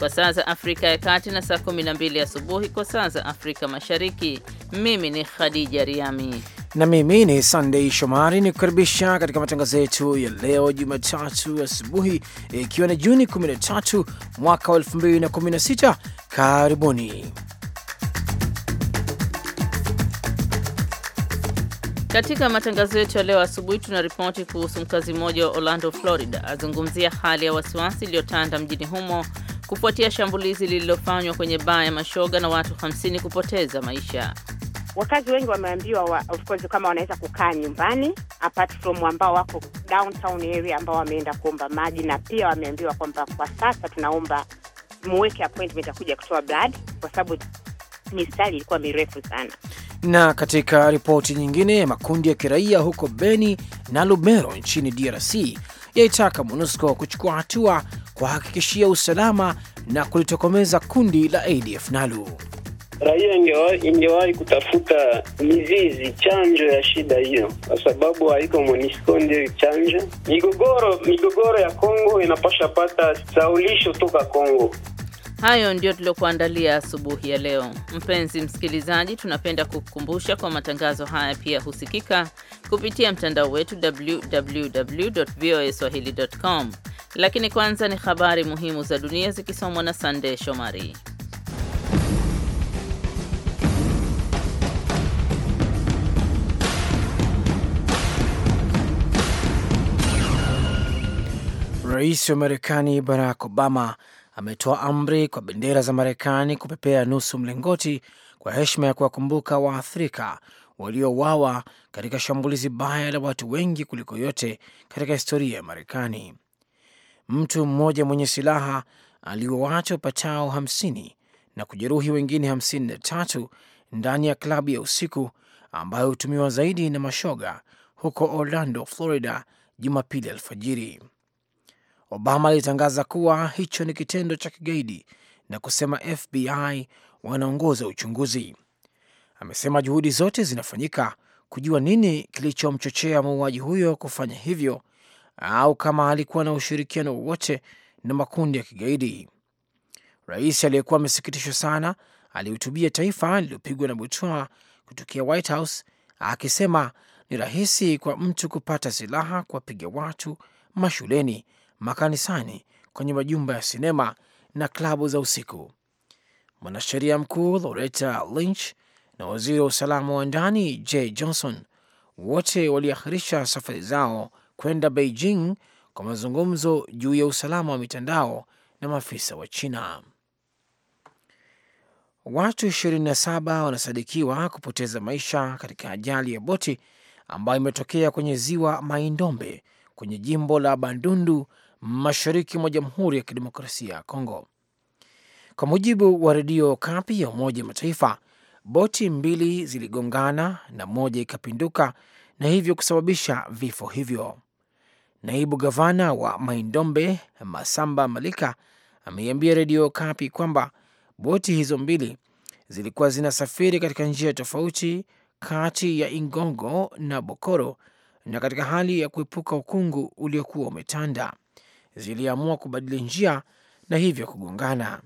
kwa saa za Afrika ya Kati na saa 12 asubuhi kwa saa za Afrika Mashariki. Mimi ni Khadija Riami na mimi ni Sunday Shomari ni kukaribisha katika matangazo yetu ya leo Jumatatu asubuhi ikiwa e, ni Juni 13 mwaka wa 2016. Karibuni katika matangazo yetu ya leo asubuhi. Tuna ripoti kuhusu mkazi mmoja wa Orlando, Florida azungumzia hali ya wasiwasi iliyotanda mjini humo kufuatia shambulizi lililofanywa kwenye baa ya mashoga na watu 50 kupoteza maisha. Wakazi wengi wameambiwa wa, of course kama wanaweza kukaa nyumbani apart from ambao wako downtown area ambao wameenda kuomba maji, na pia wameambiwa kwamba kwa sasa tunaomba muweke appointment akuja kutoa blood kwa sababu mistari ilikuwa mirefu sana. Na katika ripoti nyingine, makundi ya kiraia huko Beni na Lubero nchini DRC yaitaka MONUSCO kuchukua hatua kuhakikishia usalama na kulitokomeza kundi la ADF NALU. Raia ingewahi kutafuta mizizi chanjo ya shida hiyo, kwa sababu haiko MONUSCO ndio chanjo migogoro. Migogoro ya Kongo inapasha pata saulisho toka Kongo. Hayo ndio tuliokuandalia asubuhi ya leo. Mpenzi msikilizaji, tunapenda kukukumbusha kwa matangazo haya pia husikika kupitia mtandao wetu www voa www.voaswahili.com. Lakini kwanza ni habari muhimu za dunia zikisomwa na Sandey Shomari. Rais wa Marekani Barack Obama ametoa amri kwa bendera za Marekani kupepea nusu mlingoti kwa heshima ya kuwakumbuka waathirika waliowawa katika shambulizi baya la watu wengi kuliko yote katika historia ya Marekani. Mtu mmoja mwenye silaha aliwa watu wapatao hamsini na kujeruhi wengine hamsini na tatu ndani ya klabu ya usiku ambayo hutumiwa zaidi na mashoga huko Orlando, Florida, Jumapili alfajiri. Obama alitangaza kuwa hicho ni kitendo cha kigaidi na kusema FBI wanaongoza uchunguzi. Amesema juhudi zote zinafanyika kujua nini kilichomchochea muuaji huyo kufanya hivyo au kama alikuwa na ushirikiano wowote na makundi ya kigaidi. Rais aliyekuwa amesikitishwa sana alihutubia taifa lililopigwa na butoa kutokea White House akisema ni rahisi kwa mtu kupata silaha kuwapiga watu mashuleni makanisani, kwenye majumba ya sinema na klabu za usiku. Mwanasheria mkuu Loretta Lynch na waziri wa usalama wa ndani J Johnson wote waliahirisha safari zao kwenda Beijing kwa mazungumzo juu ya usalama wa mitandao na maafisa wa China. Watu 27 wanasadikiwa kupoteza maisha katika ajali ya boti ambayo imetokea kwenye ziwa Maindombe kwenye jimbo la Bandundu mashariki mwa Jamhuri ya Kidemokrasia ya Kongo. Kwa mujibu wa redio Kapi ya Umoja Mataifa, boti mbili ziligongana na moja ikapinduka na hivyo kusababisha vifo hivyo. Naibu gavana wa Maindombe Masamba Malika ameiambia redio Kapi kwamba boti hizo mbili zilikuwa zinasafiri katika njia tofauti kati ya Ingongo na Bokoro na katika hali ya kuepuka ukungu uliokuwa umetanda ziliamua kubadili njia na hivyo kugongana.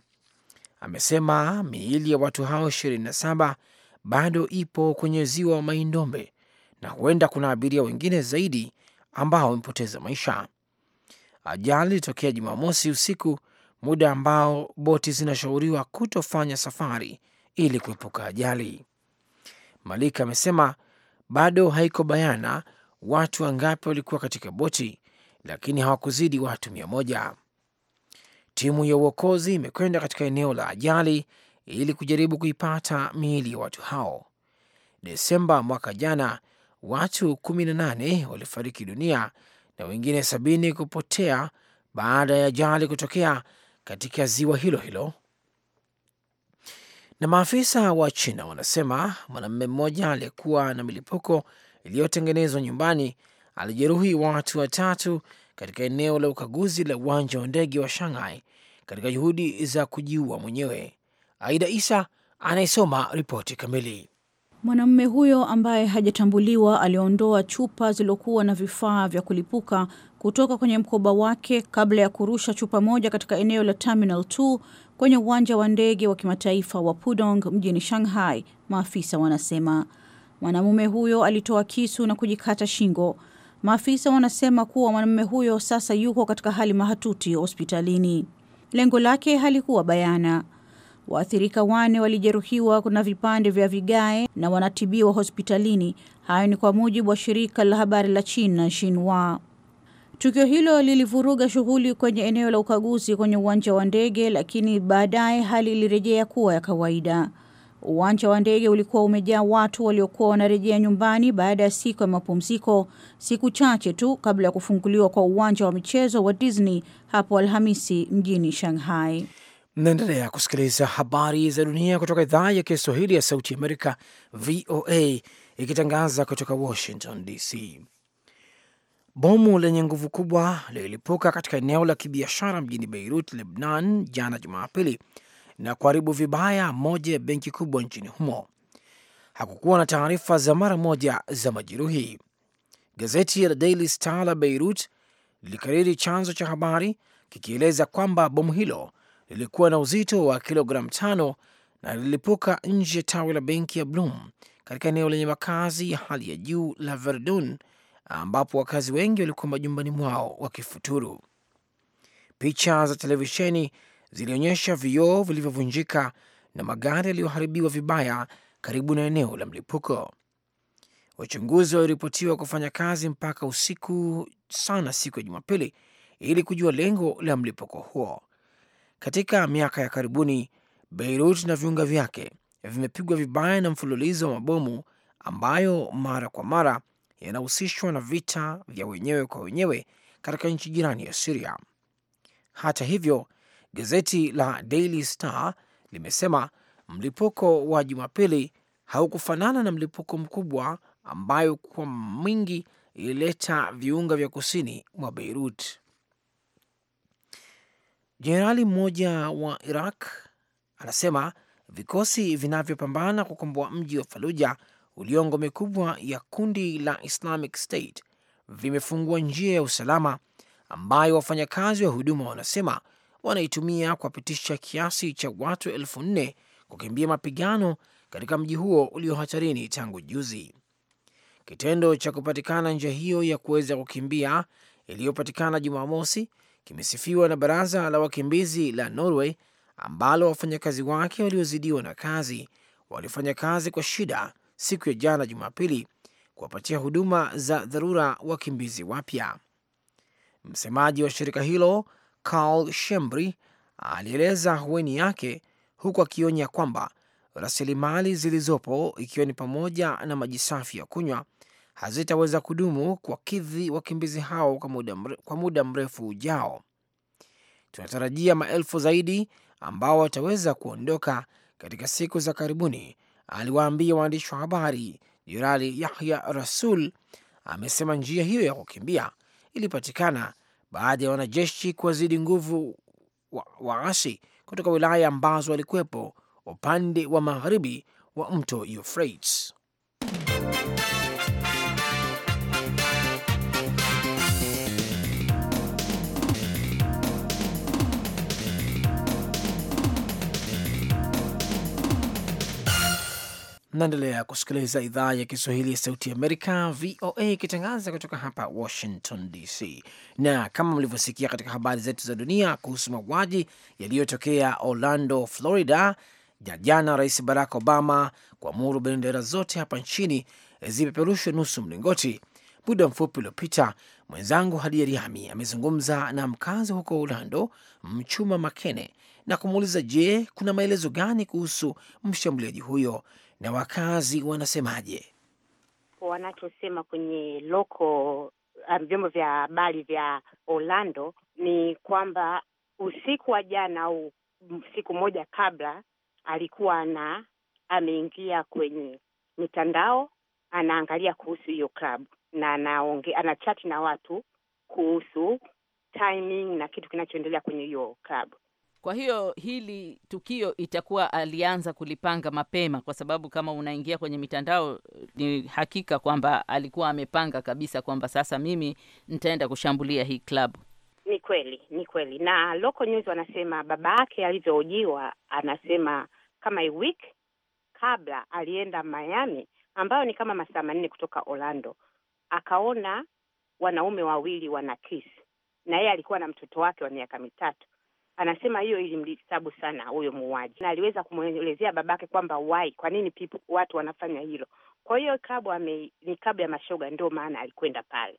Amesema miili ya watu hao 27 bado ipo kwenye ziwa wa Maindombe na huenda kuna abiria wengine zaidi ambao wamepoteza maisha. Ajali ilitokea Jumamosi usiku, muda ambao boti zinashauriwa kutofanya safari ili kuepuka ajali. Malika amesema bado haiko bayana watu wangapi walikuwa katika boti, lakini hawakuzidi watu mia moja. Timu ya uokozi imekwenda katika eneo la ajali ili kujaribu kuipata miili ya watu hao. Desemba mwaka jana watu 18 walifariki dunia na wengine sabini kupotea baada ya ajali kutokea katika ziwa hilo hilo. Na maafisa wa China wanasema mwanamume mmoja aliyekuwa na milipuko iliyotengenezwa nyumbani alijeruhi watu watatu katika eneo la ukaguzi la uwanja wa ndege wa Shanghai katika juhudi za kujiua mwenyewe. Aida Isa anayesoma ripoti kamili. Mwanamume huyo ambaye hajatambuliwa aliondoa chupa zilizokuwa na vifaa vya kulipuka kutoka kwenye mkoba wake kabla ya kurusha chupa moja katika eneo la Terminal 2 kwenye uwanja wa ndege wa kimataifa wa Pudong mjini Shanghai, maafisa wanasema. Mwanamume huyo alitoa kisu na kujikata shingo. Maafisa wanasema kuwa mwanamume huyo sasa yuko katika hali mahatuti hospitalini. Lengo lake halikuwa bayana. Waathirika wane walijeruhiwa na vipande vya vigae na wanatibiwa hospitalini. Hayo ni kwa mujibu wa shirika la habari la China Xinhua. Tukio hilo lilivuruga shughuli kwenye eneo la ukaguzi kwenye uwanja wa ndege, lakini baadaye hali ilirejea kuwa ya kawaida. Uwanja wa ndege ulikuwa umejaa watu waliokuwa wanarejea nyumbani baada ya siku ya mapumziko, siku chache tu kabla ya kufunguliwa kwa uwanja wa michezo wa Disney hapo Alhamisi mjini Shanghai. Mnaendelea kusikiliza habari za dunia kutoka idhaa ya Kiswahili ya Sauti Amerika, VOA, ikitangaza kutoka Washington DC. Bomu lenye nguvu kubwa lililipuka katika eneo la kibiashara mjini Beirut, Lebnan, jana Jumapili na kuharibu vibaya moja ya benki kubwa nchini humo. Hakukuwa na taarifa za mara moja za majeruhi. Gazeti la Daily Star la Beirut lilikariri chanzo cha habari kikieleza kwamba bomu hilo lilikuwa na uzito wa kilogramu tano na lilipuka nje ya tawi la benki ya Bloom katika eneo lenye makazi ya hali ya juu la Verdun, ambapo wakazi wengi walikuwa majumbani mwao wakifuturu. Picha za televisheni zilionyesha vioo vilivyovunjika na magari yaliyoharibiwa vibaya karibu na eneo la mlipuko. Wachunguzi waliripotiwa kufanya kazi mpaka usiku sana siku ya Jumapili ili kujua lengo la mlipuko huo. Katika miaka ya karibuni, Beirut na viunga vyake vimepigwa vibaya na mfululizo wa mabomu ambayo mara kwa mara yanahusishwa na vita vya wenyewe kwa wenyewe katika nchi jirani ya Siria. Hata hivyo, Gazeti la Daily Star limesema mlipuko wa Jumapili haukufanana na mlipuko mkubwa ambayo kwa mwingi ilileta viunga vya kusini mwa Beirut. Jenerali mmoja wa Iraq anasema vikosi vinavyopambana kukomboa mji wa Faluja ulio ngome kubwa ya kundi la Islamic State vimefungua njia ya usalama ambayo wafanyakazi wa huduma wanasema wanaitumia kuwapitisha kiasi cha watu elfu nne kukimbia mapigano katika mji huo ulio hatarini tangu juzi. Kitendo cha kupatikana njia hiyo ya kuweza kukimbia iliyopatikana Jumamosi kimesifiwa na baraza la wakimbizi la Norway ambalo wafanyakazi wake waliozidiwa na kazi walifanya kazi kwa shida siku ya jana Jumapili kuwapatia huduma za dharura wakimbizi wapya. Msemaji wa shirika hilo Carl Shembri alieleza hueni yake huku akionya kwamba rasilimali zilizopo ikiwa ni pamoja na maji safi ya kunywa hazitaweza kudumu kwa kidhi wakimbizi hao kwa muda, mre, kwa muda mrefu ujao. Tunatarajia maelfu zaidi ambao wataweza kuondoka katika siku za karibuni, aliwaambia waandishi wa habari. Jenerali Yahya Rasul amesema njia hiyo ya kukimbia ilipatikana baadhi ya wanajeshi kuwazidi nguvu waasi wa kutoka wilaya ambazo walikuwepo upande wa magharibi wa mto Euphrates. Mnaendelea kusikiliza idhaa ya Kiswahili ya Sauti Amerika, VOA, ikitangaza kutoka hapa Washington DC. Na kama mlivyosikia katika habari zetu za dunia kuhusu mauaji yaliyotokea Orlando, Florida, jana Rais Barack Obama kuamuru bendera zote hapa nchini zipeperushwe nusu mlingoti. Muda mfupi uliopita, mwenzangu Hadia Riami amezungumza na mkazi huko Orlando, Mchuma Makene, na kumuuliza je, kuna maelezo gani kuhusu mshambuliaji huyo na wakazi wanasemaje? Wanachosema kwenye loko um, vyombo vya habari vya Orlando ni kwamba usiku wa jana au siku moja kabla alikuwa na ameingia kwenye mitandao anaangalia kuhusu hiyo klabu na anaonge, anachati na watu kuhusu timing na kitu kinachoendelea kwenye hiyo klabu. Kwa hiyo hili tukio itakuwa alianza kulipanga mapema, kwa sababu kama unaingia kwenye mitandao, ni hakika kwamba alikuwa amepanga kabisa kwamba sasa mimi nitaenda kushambulia hii klabu. Ni kweli, ni kweli. Na local news wanasema baba yake alivyohojiwa, anasema kama a week kabla alienda Miami, ambayo ni kama masaa manne kutoka Orlando, akaona wanaume wawili wana kiss, na yeye alikuwa na mtoto wake wa miaka mitatu Anasema hiyo ilimditabu sana huyo muuaji, na aliweza kumwelezea babake kwamba why, kwa nini people, watu wanafanya hilo. Kwa hiyo klabu ame, ni klabu ya mashoga, ndio maana alikwenda pale,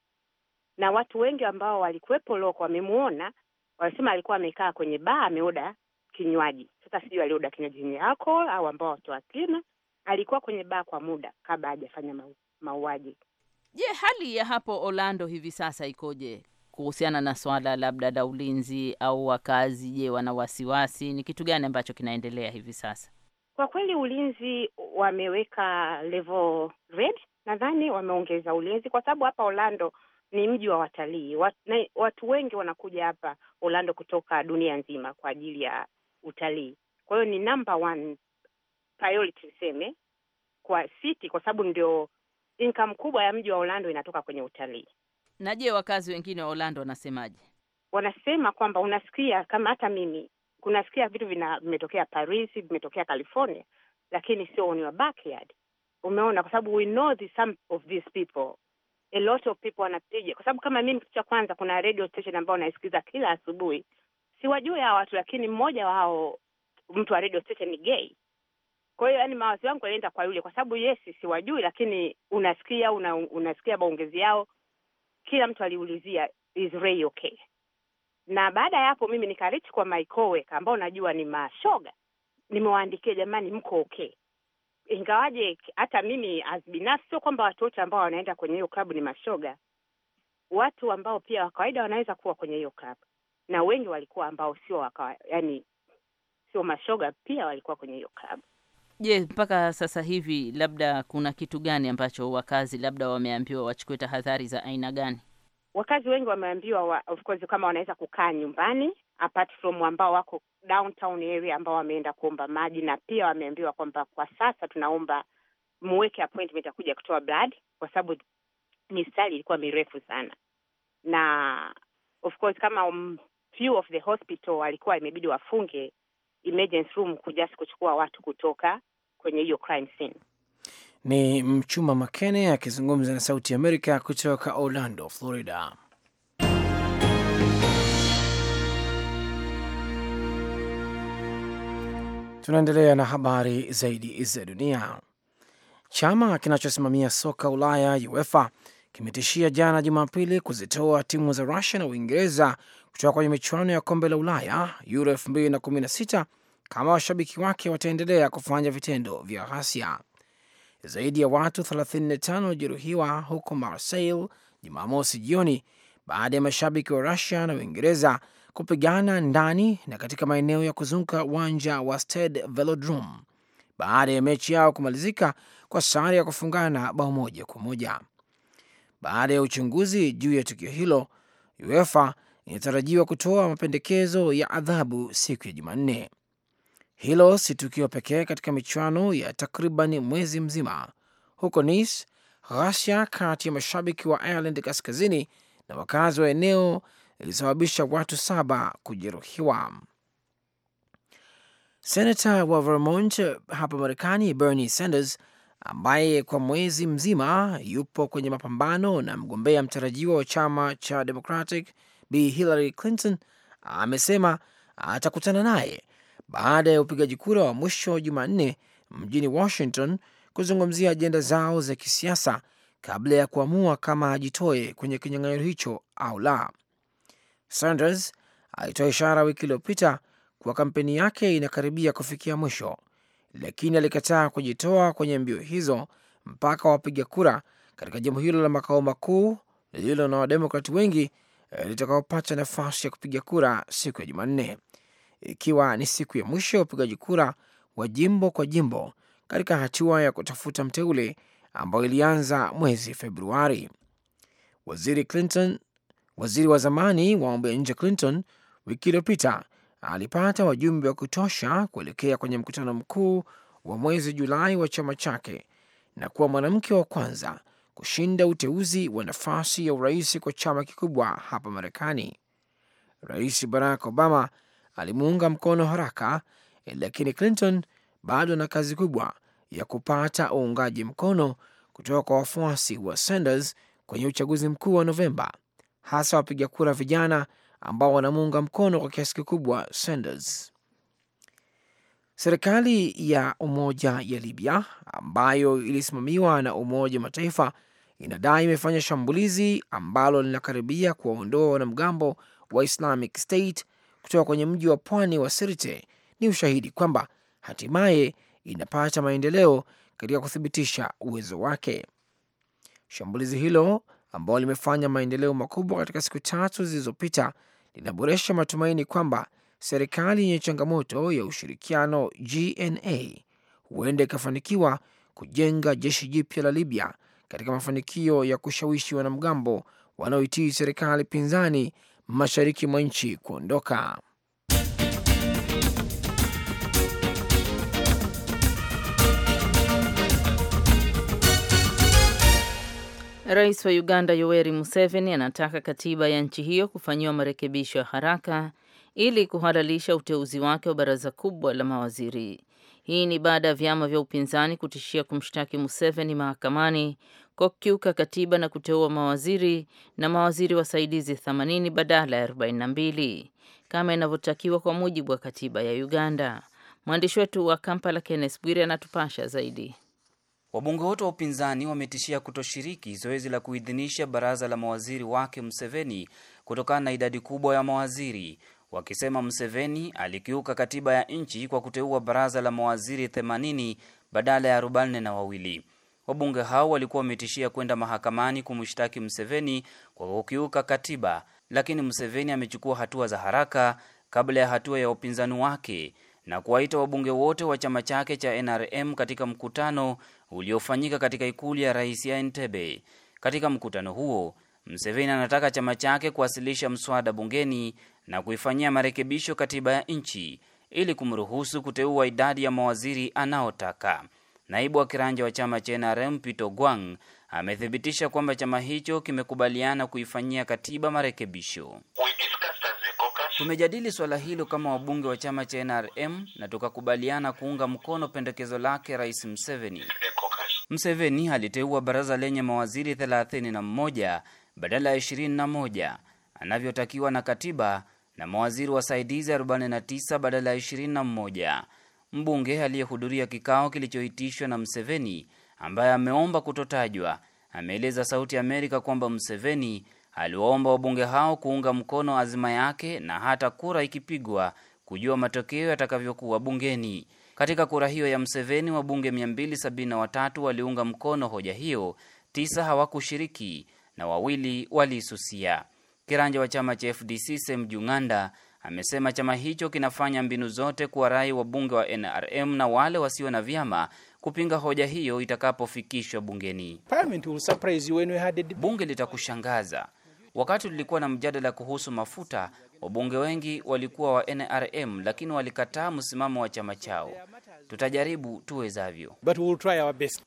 na watu wengi ambao walikuwepo loko wamemuona, wanasema alikuwa amekaa kwenye baa ameoda kinywaji. Sasa sijui alioda kinywaji chenye alcohol au ambao watu wakina, alikuwa kwenye baa kwa muda kabla hajafanya mauaji. Je, hali ya hapo Orlando hivi sasa ikoje? kuhusiana na swala labda la ulinzi au wakazi? Je, wana wasiwasi? Ni kitu gani ambacho kinaendelea hivi sasa? Kwa kweli ulinzi wameweka level red, nadhani wameongeza ulinzi kwa sababu hapa Orlando ni mji wa watalii. Watu wengi wanakuja hapa Orlando kutoka dunia nzima kwa ajili ya utalii, kwa hiyo ni number one priority niseme kwa city, kwa sababu ndio income kubwa ya mji wa Orlando inatoka kwenye utalii. Na je, wakazi wengine wa Orlando wanasemaje? Wanasema kwamba unasikia kama hata mimi kunasikia vitu vimetokea Paris, vimetokea California, lakini sio ni your backyard. Umeona, kwa sababu we know the some of these people a lot of people wanapiga, kwa sababu kama mimi, kitu cha kwanza, kuna radio station ambayo naisikiza kila asubuhi. Siwajui hawa watu, lakini mmoja wao, mtu wa radio station ni gay. Kwa hiyo, yani mawazo yangu yanaenda kwa yule, kwa sababu yes, siwajui, lakini unasikia una, unasikia maongezi yao, kila mtu aliulizia is Ray okay? Na baada ya hapo mimi nikariti kwa my ambao najua ni mashoga, nimewaandikia jamani, mko okay? Ingawaje hata mimi as binafsi, sio kwamba watu wote ambao wanaenda kwenye hiyo klabu ni mashoga, watu ambao pia wa kawaida wanaweza kuwa kwenye hiyo klabu, na wengi walikuwa ambao sio yani sio mashoga pia walikuwa kwenye hiyo klabu. Je, mpaka sasa hivi labda kuna kitu gani ambacho wakazi labda wameambiwa wachukue tahadhari za aina gani? Wakazi wengi wameambiwa wa, of course kama wanaweza kukaa nyumbani apart from ambao wako downtown area ambao wameenda kuomba maji, na pia wameambiwa kwamba kwa sasa tunaomba muweke appointment ya kuja kutoa blood kwa sababu mistari ilikuwa mirefu sana, na of course kama few of the hospital walikuwa imebidi wafunge emergency room kuja kuchukua watu kutoka kwenye hiyo crime scene. Ni Mchuma Makene akizungumza na Sauti ya Amerika kutoka Orlando, Florida. Tunaendelea na habari zaidi za dunia. Chama kinachosimamia soka Ulaya UEFA kimetishia jana Jumapili kuzitoa timu za Rusia na Uingereza kutoka kwenye michuano ya kombe la Ulaya Euro 2016 kama washabiki wake wataendelea kufanya vitendo vya ghasia. Zaidi ya watu 35 walijeruhiwa huko Marseille Jumamosi jioni baada ya mashabiki wa Rusia na Uingereza kupigana ndani na katika maeneo ya kuzunguka uwanja wa Stade Velodrome baada ya mechi yao kumalizika kwa sare ya kufungana bao moja kwa moja. Baada ya uchunguzi juu ya tukio hilo, UEFA inatarajiwa kutoa mapendekezo ya adhabu siku ya Jumanne. Hilo si tukio pekee katika michuano ya takriban mwezi mzima. Huko Nice, ghasia kati ya mashabiki wa Ireland kaskazini na wakazi wa eneo ilisababisha watu saba kujeruhiwa. Senata wa Vermont hapa Marekani, Bernie Sanders, ambaye kwa mwezi mzima yupo kwenye mapambano na mgombea mtarajiwa wa chama cha Democratic Bi Hillary Clinton amesema atakutana naye baada ya upigaji kura wa mwisho Jumanne mjini Washington kuzungumzia ajenda zao za kisiasa kabla ya kuamua kama ajitoe kwenye kinyang'anyiro hicho au la. Sanders alitoa ishara wiki iliyopita kuwa kampeni yake inakaribia kufikia mwisho, lakini alikataa kujitoa kwenye mbio hizo mpaka wapiga kura katika jimbo hilo la makao makuu lililo na Wademokrati wengi litakaopata eh, nafasi ya kupiga kura siku ya Jumanne, ikiwa ni siku ya mwisho ya upigaji kura wa jimbo kwa jimbo katika hatua ya kutafuta mteule ambayo ilianza mwezi Februari. Waziri Clinton, waziri wa zamani wa mambo ya nje Clinton, wiki iliyopita alipata wajumbe wa kutosha kuelekea kwenye mkutano mkuu wa mwezi Julai wa chama chake na kuwa mwanamke wa kwanza kushinda uteuzi wa nafasi ya urais kwa chama kikubwa hapa Marekani. Rais Barack Obama alimuunga mkono haraka, lakini Clinton bado na kazi kubwa ya kupata uungaji mkono kutoka kwa wafuasi wa Sanders kwenye uchaguzi mkuu wa Novemba, hasa wapiga kura vijana ambao wanamuunga mkono kwa kiasi kikubwa Sanders. Serikali ya umoja ya Libya ambayo ilisimamiwa na Umoja wa Mataifa inadai imefanya shambulizi ambalo linakaribia kuwaondoa wanamgambo wa Islamic State kutoka kwenye mji wa pwani wa Sirte ni ushahidi kwamba hatimaye inapata maendeleo katika kuthibitisha uwezo wake. Shambulizi hilo ambalo limefanya maendeleo makubwa katika siku tatu zilizopita linaboresha matumaini kwamba serikali yenye changamoto ya ushirikiano GNA huenda ikafanikiwa kujenga jeshi jipya la Libya katika mafanikio ya kushawishi wanamgambo wanaoitii serikali pinzani mashariki mwa nchi kuondoka. Rais wa Uganda Yoweri Museveni anataka katiba ya nchi hiyo kufanyiwa marekebisho ya haraka ili kuhalalisha uteuzi wake wa baraza kubwa la mawaziri. Hii ni baada ya vyama vya upinzani kutishia kumshtaki Museveni mahakamani kwa kukiuka katiba na kuteua mawaziri na mawaziri wasaidizi 80 badala ya 42 kama inavyotakiwa kwa mujibu wa katiba ya Uganda. Mwandishi wetu wa Kampala Kenneth Bwire anatupasha zaidi. Wabunge wote wa upinzani wametishia kutoshiriki zoezi la kuidhinisha baraza la mawaziri wake Museveni kutokana na idadi kubwa ya mawaziri, wakisema mseveni alikiuka katiba ya nchi kwa kuteua baraza la mawaziri 80 badala ya 42 na wawili. Wabunge hao walikuwa wametishia kwenda mahakamani kumshtaki mseveni kwa kukiuka katiba, lakini mseveni amechukua hatua za haraka kabla ya hatua ya upinzani wake na kuwaita wabunge wote wa chama chake cha NRM katika mkutano uliofanyika katika ikulu ya rais ya Entebbe. Katika mkutano huo Mseveni anataka chama chake kuwasilisha mswada bungeni na kuifanyia marekebisho katiba ya nchi ili kumruhusu kuteua idadi ya mawaziri anaotaka. Naibu wa kiranja wa chama cha NRM Peter Gwang amethibitisha kwamba chama hicho kimekubaliana kuifanyia katiba marekebisho. Tumejadili swala hilo kama wabunge wa chama cha NRM na tukakubaliana kuunga mkono pendekezo lake Rais Mseveni. Mseveni aliteua baraza lenye mawaziri 31 badala ya 21 anavyotakiwa na katiba na mawaziri wasaidizi 49 badala ya 21. Mbunge aliyehudhuria kikao kilichoitishwa na Mseveni ambaye ameomba kutotajwa ameeleza Sauti ya Amerika kwamba Mseveni aliwaomba wabunge hao kuunga mkono azima yake na hata kura ikipigwa kujua matokeo yatakavyokuwa bungeni. Katika kura hiyo ya Mseveni, wabunge 273 waliunga mkono hoja hiyo, tisa hawakushiriki na wawili walisusia. Kiranja wa chama cha FDC Sem Jung'anda amesema chama hicho kinafanya mbinu zote kuwarai wabunge wa NRM na wale wasio na vyama kupinga hoja hiyo itakapofikishwa bungeni. Bunge litakushangaza. Wakati tulikuwa na mjadala kuhusu mafuta, wabunge wengi walikuwa wa NRM lakini walikataa msimamo wa chama chao. Tutajaribu tuwezavyo.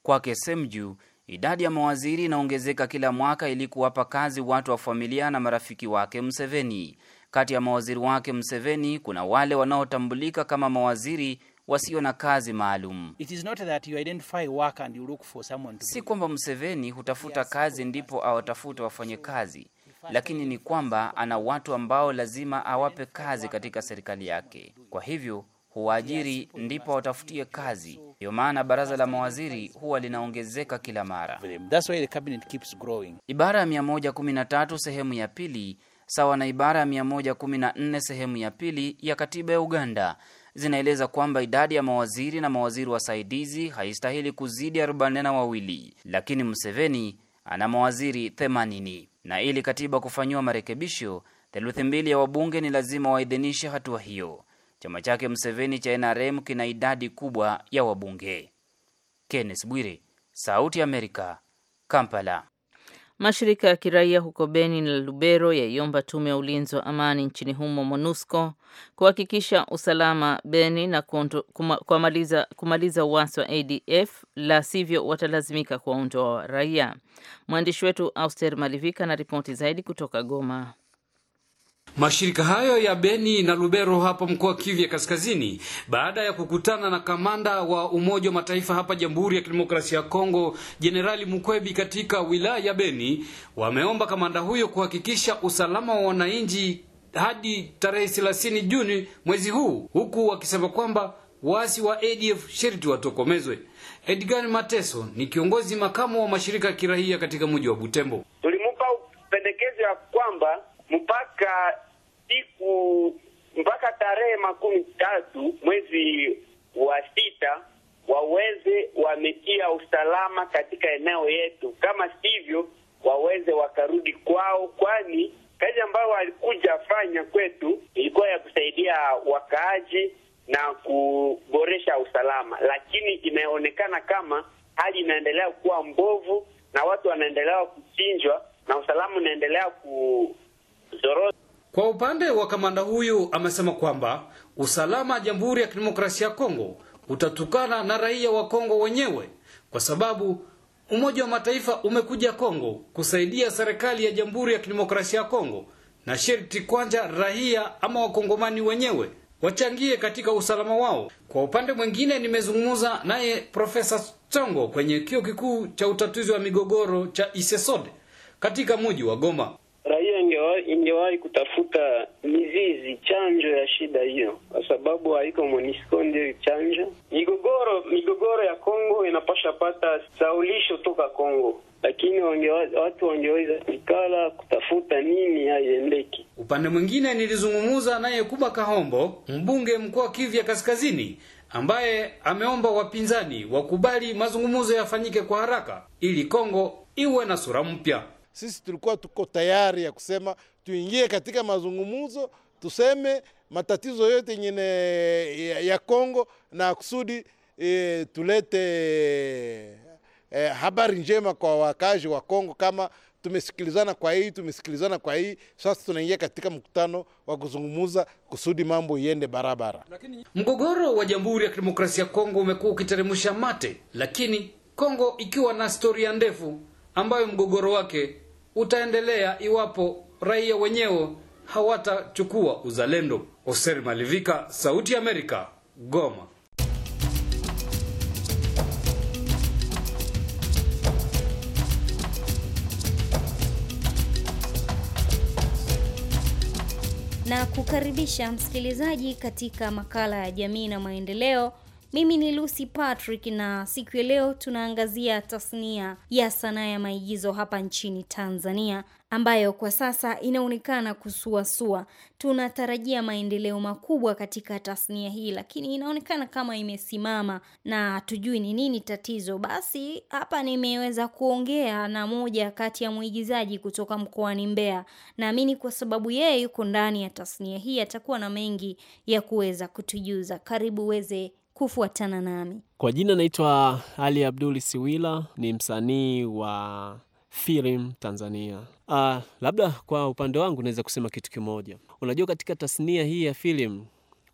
Kwake Semju Idadi ya mawaziri inaongezeka kila mwaka ili kuwapa kazi watu wa familia na marafiki wake Mseveni. Kati ya mawaziri wake Mseveni kuna wale wanaotambulika kama mawaziri wasio na kazi maalum. Si kwamba Mseveni hutafuta kazi ndipo awatafute wafanye kazi, lakini ni kwamba ana watu ambao lazima awape kazi katika serikali yake. Kwa hivyo huwaajiri ndipo watafutie kazi. Ndiyo maana baraza la mawaziri huwa linaongezeka kila mara. Ibara ya 113 sehemu ya pili sawa na ibara ya 114 sehemu ya pili ya katiba ya Uganda zinaeleza kwamba idadi ya mawaziri na mawaziri wasaidizi haistahili kuzidi arobaini na wawili, lakini Museveni ana mawaziri 80 na ili katiba kufanyiwa marekebisho, theluthi mbili ya wabunge ni lazima waidhinishe hatua hiyo chama chake Mseveni cha NRM kina idadi kubwa ya wabunge. Kenneth Bwire, Sauti ya Amerika, Kampala. Mashirika ya kiraia huko Beni na Lubero yaiomba tume ya ulinzi wa amani nchini humo MONUSCO kuhakikisha usalama Beni na kundu, kuma, kumaliza, kumaliza uasi wa ADF, la sivyo watalazimika kuwaondoa raia. Mwandishi wetu Auster Malivika na ripoti zaidi kutoka Goma. Mashirika hayo ya Beni na Lubero hapa mkoa Kivu Kaskazini, baada ya kukutana na kamanda wa Umoja wa Mataifa hapa Jamhuri ya Kidemokrasia ya Kongo, Jenerali Mukwebi katika wilaya ya Beni, wameomba kamanda huyo kuhakikisha usalama wa wananchi hadi tarehe 30 Juni mwezi huu, huku wakisema kwamba waasi wa ADF sharti watokomezwe. Edgar Mateso ni kiongozi makamu wa mashirika ya kirahia katika mji wa Butembo. Tulimpa pendekezo ya kwamba mpaka tangu mpaka tarehe makumi tatu mwezi wa sita waweze wametia usalama katika eneo yetu, kama sivyo waweze wakarudi kwao, kwani kazi ambayo walikuja fanya kwetu ilikuwa ya kusaidia wakaaji na kuboresha usalama, lakini imeonekana kama hali inaendelea kuwa mbovu na watu wanaendelea kuchinjwa na usalama unaendelea kuzorota. Kwa upande wa kamanda huyu amesema kwamba usalama wa Jamhuri ya Kidemokrasia ya Kongo utatukana na raia wa Kongo wenyewe, kwa sababu Umoja wa Mataifa umekuja Kongo kusaidia serikali ya Jamhuri ya Kidemokrasia ya Kongo, na sherti kwanza raia ama wakongomani wenyewe wachangie katika usalama wao. Kwa upande mwingine, nimezungumza naye Profesa Tongo kwenye kio kikuu cha utatuzi wa migogoro cha Isesode katika muji wa Goma tungewahi kutafuta mizizi chanjo ya shida hiyo, kwa sababu haiko MONUSCO ndio chanjo. Migogoro migogoro ya Kongo inapasha pata saulisho toka Kongo, lakini wange, watu wangeweza kuikala kutafuta nini haiendeki. Upande mwingine, nilizungumuza naye Kuba Kahombo, mbunge mkoa wa Kivu ya Kaskazini ambaye ameomba wapinzani wakubali mazungumzo yafanyike kwa haraka ili Kongo iwe na sura mpya. Sisi tulikuwa tuko tayari ya kusema tuingie katika mazungumzo, tuseme matatizo yote nyingine ya Kongo na kusudi e, tulete e, habari njema kwa wakazi wa Kongo kama tumesikilizana kwa hii, tumesikilizana kwa hii. Sasa tunaingia katika mkutano wa kuzungumza kusudi mambo iende barabara. Mgogoro wa Jamhuri ya Kidemokrasia ya Kongo umekuwa ukiteremsha mate, lakini Kongo ikiwa na historia ndefu ambayo mgogoro wake utaendelea iwapo raia wenyewe hawatachukua uzalendo. Oser Malivika, Sauti ya Amerika, Goma. na kukaribisha msikilizaji katika makala ya jamii na maendeleo mimi ni Lucy Patrick na siku ya leo tunaangazia tasnia ya sanaa ya maigizo hapa nchini Tanzania ambayo kwa sasa inaonekana kusuasua. Tunatarajia maendeleo makubwa katika tasnia hii, lakini inaonekana kama imesimama na hatujui ni nini tatizo. Basi hapa nimeweza kuongea na moja kati ya mwigizaji kutoka mkoani Mbeya. Naamini kwa sababu yeye yuko ndani ya tasnia hii, atakuwa na mengi ya kuweza kutujuza. Karibu weze kufuatana nami. Kwa jina naitwa Ali Abduli Siwila, ni msanii wa filim Tanzania. Uh, labda kwa upande wangu naweza kusema kitu kimoja. Unajua, katika tasnia hii ya filamu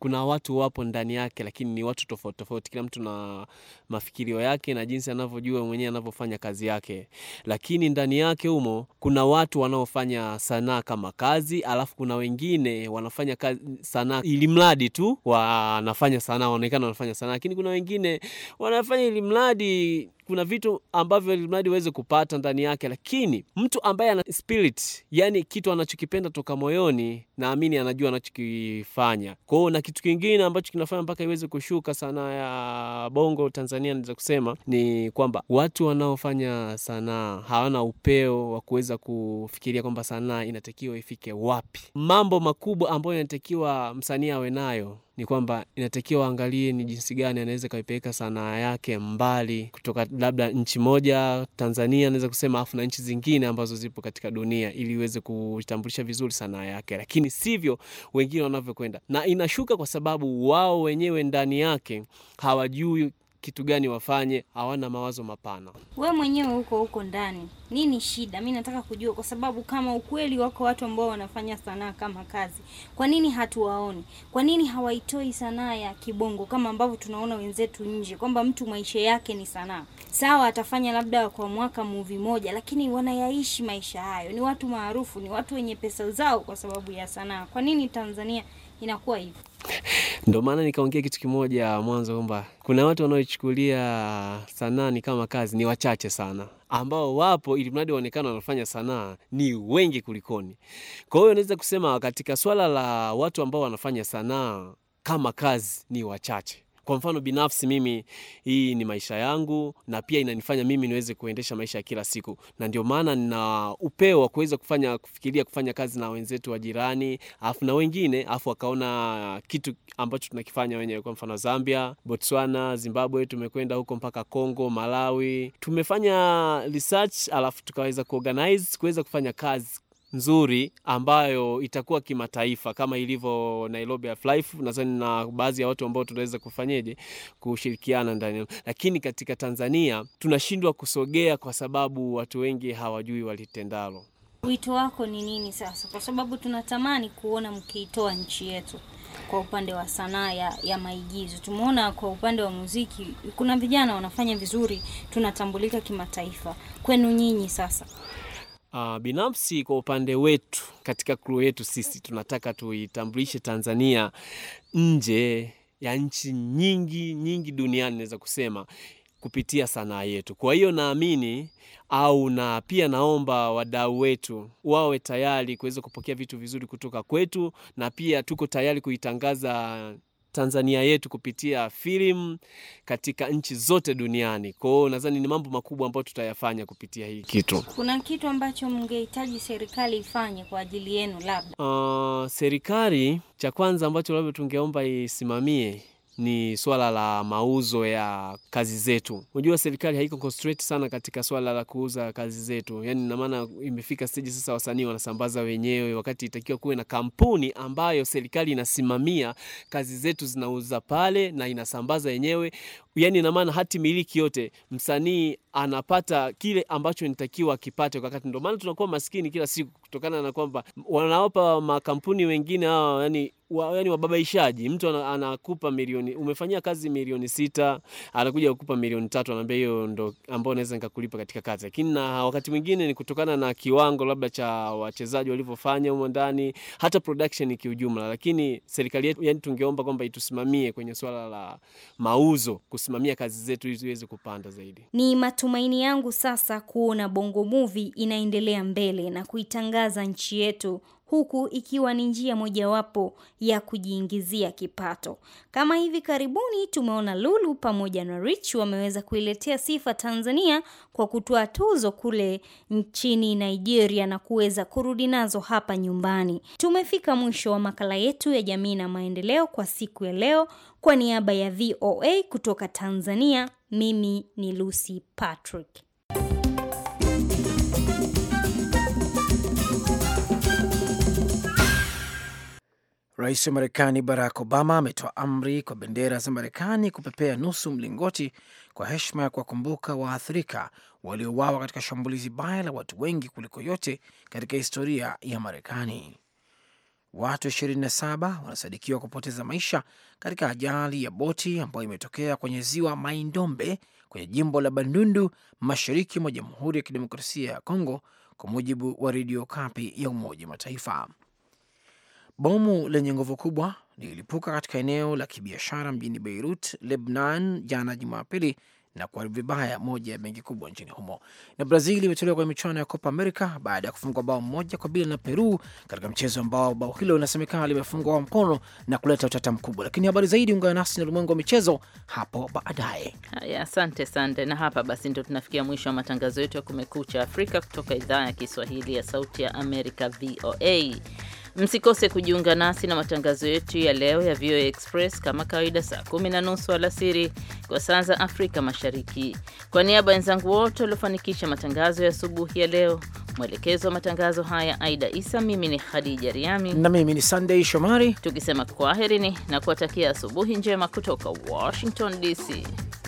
kuna watu wapo ndani yake, lakini ni watu tofauti tofauti, kila mtu na mafikirio yake na jinsi anavyojua mwenyewe anavyofanya kazi yake. Lakini ndani yake humo kuna watu wanaofanya sanaa kama kazi, alafu kuna wengine wanafanya kazi sanaa ili mradi tu wanafanya sanaa, wanaonekana wanafanya sanaa, lakini kuna wengine wanafanya ili mradi kuna vitu ambavyo ilimradi uweze kupata ndani yake, lakini mtu ambaye ana spirit, yani kitu anachokipenda toka moyoni, naamini anajua anachokifanya. Kwa hiyo na kitu kingine ambacho kinafanya mpaka iweze kushuka sanaa ya bongo Tanzania, naweza kusema ni kwamba watu wanaofanya sanaa hawana upeo wa kuweza kufikiria kwamba sanaa inatakiwa ifike wapi, mambo makubwa ambayo inatakiwa msanii awe nayo ni kwamba inatakiwa angalie ni jinsi gani anaweza kaipeleka sanaa yake mbali kutoka labda nchi moja Tanzania, anaweza kusema afu na nchi zingine ambazo zipo katika dunia, ili iweze kutambulisha vizuri sanaa yake, lakini sivyo wengine wanavyokwenda, na inashuka kwa sababu wao wenyewe ndani yake hawajui kitu gani wafanye, hawana mawazo mapana. We mwenyewe huko huko ndani, nini shida? Mi nataka kujua, kwa sababu kama ukweli wako watu ambao wanafanya sanaa kama kazi, kwa nini hatuwaoni? Kwa nini hawaitoi sanaa ya kibongo kama ambavyo tunaona wenzetu nje, kwamba mtu maisha yake ni sanaa? Sawa, atafanya labda kwa mwaka muvi moja, lakini wanayaishi maisha hayo. Ni watu maarufu, ni watu wenye pesa zao kwa sababu ya sanaa. Kwa nini Tanzania inakuwa hivyo? Ndo maana nikaongea kitu kimoja mwanzo kwamba kuna watu wanaoichukulia sanaa ni kama kazi, ni wachache sana, ambao wapo ili mradi waonekana wanafanya sanaa ni wengi kulikoni. Kwa hiyo naweza kusema katika swala la watu ambao wanafanya sanaa kama kazi ni wachache. Kwa mfano binafsi, mimi hii ni maisha yangu, na pia inanifanya mimi niweze kuendesha maisha ya kila siku, na ndio maana nina upeo wa kuweza kufanya kufikiria kufanya kazi na wenzetu wa jirani, afu na wengine, afu wakaona kitu ambacho tunakifanya wenyewe. Kwa mfano Zambia, Botswana, Zimbabwe, tumekwenda huko mpaka congo Malawi, tumefanya research alafu tukaweza kuorganize kuweza kufanya kazi nzuri ambayo itakuwa kimataifa kama ilivyo Nairobi Aflife, nadhani na baadhi ya watu ambao tunaweza kufanyeje kushirikiana ndani, lakini katika Tanzania tunashindwa kusogea kwa sababu watu wengi hawajui walitendalo. Wito wako ni nini sasa, kwa sababu tunatamani kuona mkiitoa nchi yetu kwa upande wa sanaa ya, ya maigizo? Tumeona kwa upande wa muziki kuna vijana wanafanya vizuri, tunatambulika kimataifa. Kwenu nyinyi sasa Uh, binafsi kwa upande wetu katika crew yetu sisi tunataka tuitambulishe Tanzania nje ya nchi nyingi nyingi duniani naweza kusema kupitia sanaa yetu. Kwa hiyo naamini au na pia naomba wadau wetu wawe tayari kuweza kupokea vitu vizuri kutoka kwetu, na pia tuko tayari kuitangaza Tanzania yetu kupitia filamu katika nchi zote duniani. Kwa hiyo nadhani ni mambo makubwa ambayo tutayafanya kupitia hii kitu. Kuna kitu ambacho mngehitaji serikali ifanye kwa ajili yenu labda? Uh, serikali cha kwanza ambacho labda tungeomba isimamie ni swala la mauzo ya kazi zetu. Unajua serikali haiko concentrate sana katika swala la kuuza kazi zetu, yani na maana imefika stage sasa wasanii wanasambaza wenyewe, wakati itakiwa kuwe na kampuni ambayo serikali inasimamia kazi zetu zinauza pale na inasambaza yenyewe, yani na maana hati miliki yote, msanii anapata kile ambacho inatakiwa akipate wakati. Ndio maana tunakuwa maskini kila siku kutokana na kwamba wanawapa makampuni wengine hawa yani wa, yani wababaishaji. Mtu anakupa milioni, umefanyia kazi milioni sita, anakuja kukupa milioni tatu, anaambia hiyo ndo ambao naweza nikakulipa katika kazi. Lakini na wakati mwingine ni kutokana na kiwango labda cha wachezaji walivyofanya humo ndani, hata production kiujumla. Lakini serikali yetu, yani tungeomba kwamba itusimamie kwenye swala la mauzo, kusimamia kazi zetu ili ziweze kupanda zaidi. Ni matumaini yangu sasa kuona Bongo Movie inaendelea mbele na kuitangaza nchi yetu huku ikiwa ni njia mojawapo ya kujiingizia kipato. Kama hivi karibuni tumeona Lulu pamoja na Rich wameweza kuiletea sifa Tanzania kwa kutoa tuzo kule nchini Nigeria na kuweza kurudi nazo hapa nyumbani. Tumefika mwisho wa makala yetu ya jamii na maendeleo kwa siku ya leo. Kwa niaba ya VOA kutoka Tanzania, mimi ni Lucy Patrick. Rais wa Marekani Barack Obama ametoa amri kwa bendera za Marekani kupepea nusu mlingoti kwa heshima ya kuwakumbuka waathirika waliouawa katika shambulizi baya la watu wengi kuliko yote katika historia ya Marekani. Watu 27 wanasadikiwa kupoteza maisha katika ajali ya boti ambayo imetokea kwenye ziwa Maindombe kwenye jimbo la Bandundu mashariki mwa Jamhuri ya Kidemokrasia ya Kongo, kwa mujibu wa redio Kapi ya Umoja Mataifa. Bomu lenye nguvu kubwa lililipuka katika eneo la kibiashara mjini Beirut, Lebanon, jana Jumapili na kuharibu vibaya moja ya benki kubwa nchini humo. Na Brazil imetolewa kwenye michuano ya Copa America baada ya kufungwa bao moja kwa bila na Peru katika mchezo ambao bao hilo linasemekana limefungwa wa mkono na kuleta utata mkubwa. Lakini habari zaidi, ungana nasi na ulimwengu wa michezo hapo baadaye. Haya, asante sande. Na hapa basi ndio tunafikia mwisho wa matangazo yetu ya Kumekucha Afrika kutoka idhaa ya Kiswahili ya Sauti ya Amerika, VOA. Msikose kujiunga nasi na matangazo yetu ya leo ya VOA Express kama kawaida, saa kumi na nusu alasiri kwa saa za Afrika Mashariki. Kwa niaba ya wenzangu wote waliofanikisha matangazo ya asubuhi ya leo, mwelekezo wa matangazo haya Aida Isa, mimi ni Khadija Riami na mimi ni sandey Shomari, tukisema kwaherini na kuwatakia asubuhi njema kutoka Washington DC.